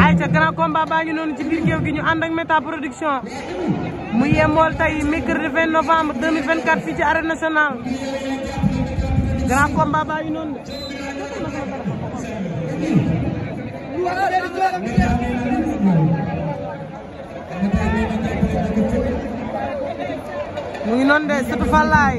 ay ca grand combat baa ngi noonu ci biir géew gi ñu ànd ak Meta Production mu yemool tey mercredi 20 novembre 2024 fii ci arène nationale grand combat baa ngi noonu ngi noonu de sëtu Fallaay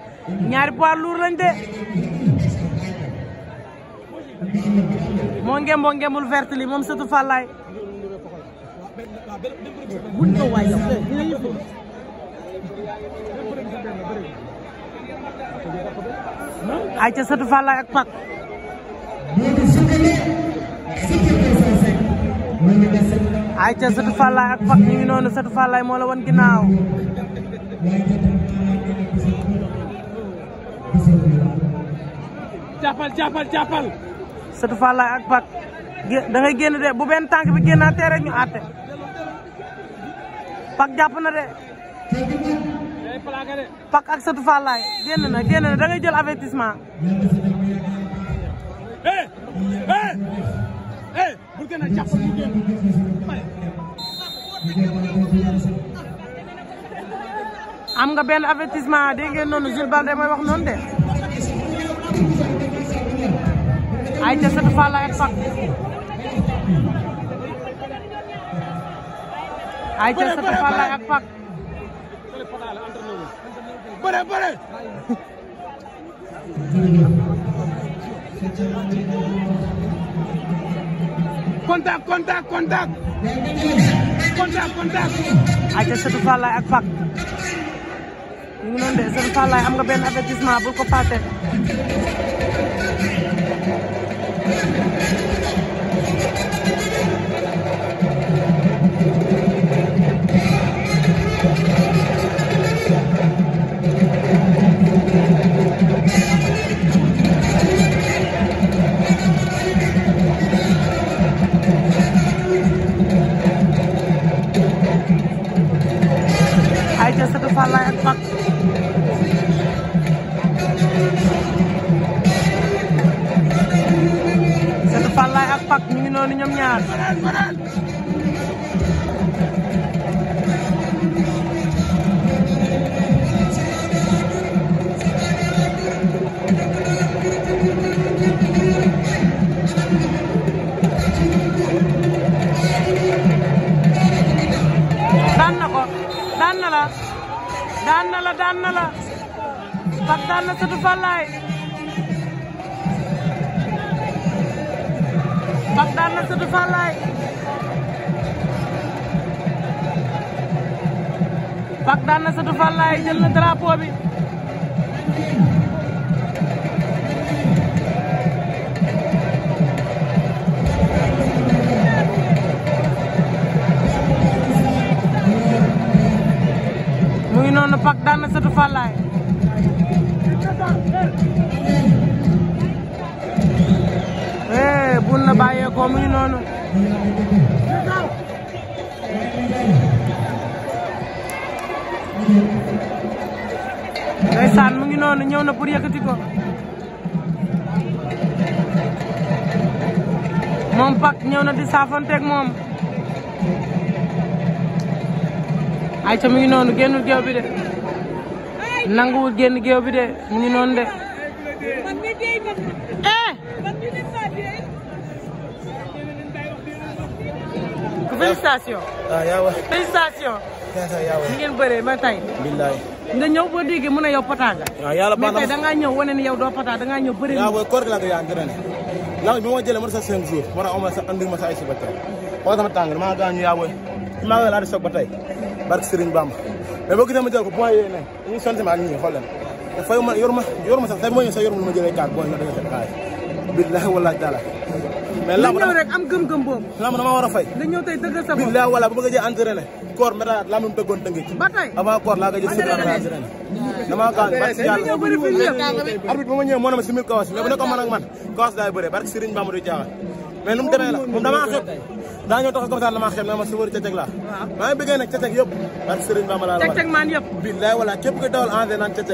ñaari poids lourd lañ de moo ngem boo ngemul verte li moom sëtu Fallaye ay ca sëtu Fallaye ak pak ay ca sëtu Fallaye ak pak ñu ngi noonu sëtu Fallaye moo la woon ginnaaw jàppal jàppal jàppal. Sëtu Fallay ak bak da ngay genn de bu ben tank bi genn génnaatee rek ñu àtte Pak japp na de. Pak ak Sëtu Fallay genn na genn na da ngay jël avertissement. eh eh eh bu gën a bu génn. am nga benn avertissement de ngeen noonu Jules Baldé mooy wax non de. ay ca Sëtu Fall ak Pak ay ca Sëtu Fall ak Pak bëre bëre contact contact contact contact contact ay ca Sëtu Fall ak Pak ñu ngi noonu de am nga ben avertissement bu ko fàtte I just have to find like a ak pak ñu ngi noonu ñoom ñaar daan na ko daan na la daan na la daan na la Pak daan na Satu Fallaye Mbam daan na sëtu Fallaye Mbam daan na sëtu Fallaye jël na noonu Mbam daan na sëtu Fallaye drapeau mu ngi noonu ndeysaan mu ngi noonu na pour yëkkati ko moom pak ñëw na di saafanteeg moom ay ca mu ngi noonu bi de nanguwul génn géew bi de mu de félicitations. ah yaa wa. félicitations. ni ngeen bëree ba tey. billaay. nga ñëw boo déggee mën a yow pota nga. waaw ah, yàlla baax na da ngaa ñëw wane ni yow doo pota da ngaa ñëw bëri na. waaw booy kóor gi laa koy yaa ne. laaw bi ma jëlee ma sa cinq jours ma ne ma sa andi ma sa ay si ba tey. ma sama tàng maa gaañu yaa booy. maa ngi laa di soog ba tey. barke Serigne Bamba. mais boo gisee ma jël ko point yooyu ne ñu sentiment ak ma yor ma yor ma sax tey moo ñu sax yor ma ma jëlee kaat booy nga dëgg seen billahi wala taala mais lamb am gëm-gëm boobu lamb dama war a fay nga ñëw bu ma ko jël entraîné koor métaat lamb mu dëggoon tëngeej ba tey avant koor laa ko jël sukar laa entraîné dama gaañ barke yàlla arbitre ba ma ñëw moo na ma simil kawas mais bu nekkoon man ak man kawas laay bëree barke Serigne Mamadou Diawa mais nu demee la moom damaa xeeb daa ñëw taxaw taxaw damaa xeeb na ma sofër ceceg laa maa ngi bëggee nag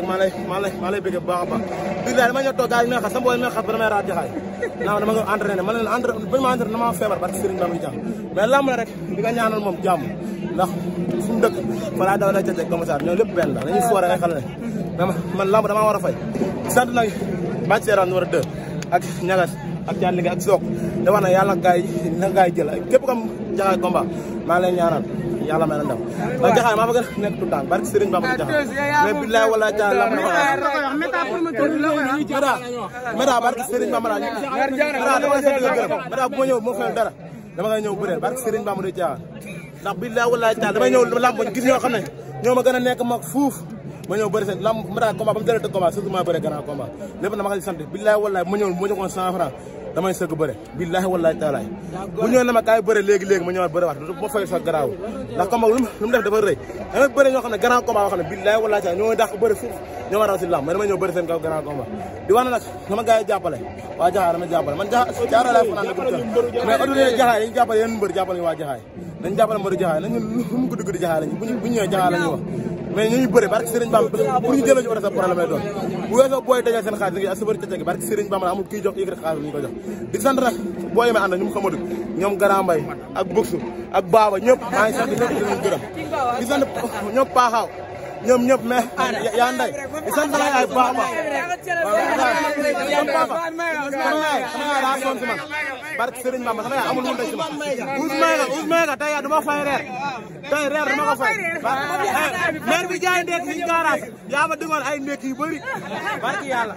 maa lay maa lay maa lay bëggee bu a baax billaay dama ñëw toog ba damay raat jaxaay naa ma leen ma entraîné dama feebar barke Serigne Bamba jàmm mais lamb la rek di nga ñaanal moom jàmm ndax fa laa dawalee la dañuy foore nga xam ne lamb damaa war a fay sant nag bàcc seeraan numéro 2 ak ñagas ak jaan liggéey ak sook da ne yàlla gaay na gaay jël képp kam jaxaay combat maa ngi lay ñaanal yàlla may la ndam ndax jaxaay maa fa gën a nekk tout temps barke Serigne Bamba jaxaay ah, mais billahi wala jaay la ma meta meta barke Serigne Bamba la meta dama la a la gërëm meta bu ma ñëw moo fayal dara dama ngay ñëw bëreel barke ma Bamba da jaay ndax billahi wala jaay dama ñëw lamb gis ñoo xam ne ñoo ma gën a nekk ma fuuf ma ñëw bëri seen lamb ma ba mu dalee tëgg combat surtout ma bëri grand combat lépp na ma xam ne sant billaahi wallaahi ma ñëw ma joxoon cent franc damay sëgg bëre billaahi wallaahi taalaay bu ñëw na ma kaay bëre léegi léegi ma ñëwaat bëre waat ma fay sax garaaw ndax combat lu mu def dafa rëy dama bëri a ma damay ñëw bëri seen kaw di wax na nag sama gars waa jaxaay dama jàppale man jaxaay laa fanaan mais adulee jaxaay dañu jàppale yéen mais ñuy bëri barke Serigne Bamba pour ñu jëlee ñu war a sa problème doon bu weesoo booy dajal seen xaalis ngi asubari cacegi barke Serigne Bamba amul kiy jox yëg rek xaalis ñu ko jox di sant nag booy ma ànd ñu mu xamadu ñoom ak Boxu ak Baba ñëpp maa sant ñëpp di ñoom ñëpp mais yaa nday sant la yaay baax baax sama barke Serigne Bamba sama yaay amul lu nday ci ma Ousmane Ousmane tey yaa duma fay reer tey reer duma ko fay maire bi jaay ndekki ci garage yaa ma digoon ay ndekki yu bëri barke yàlla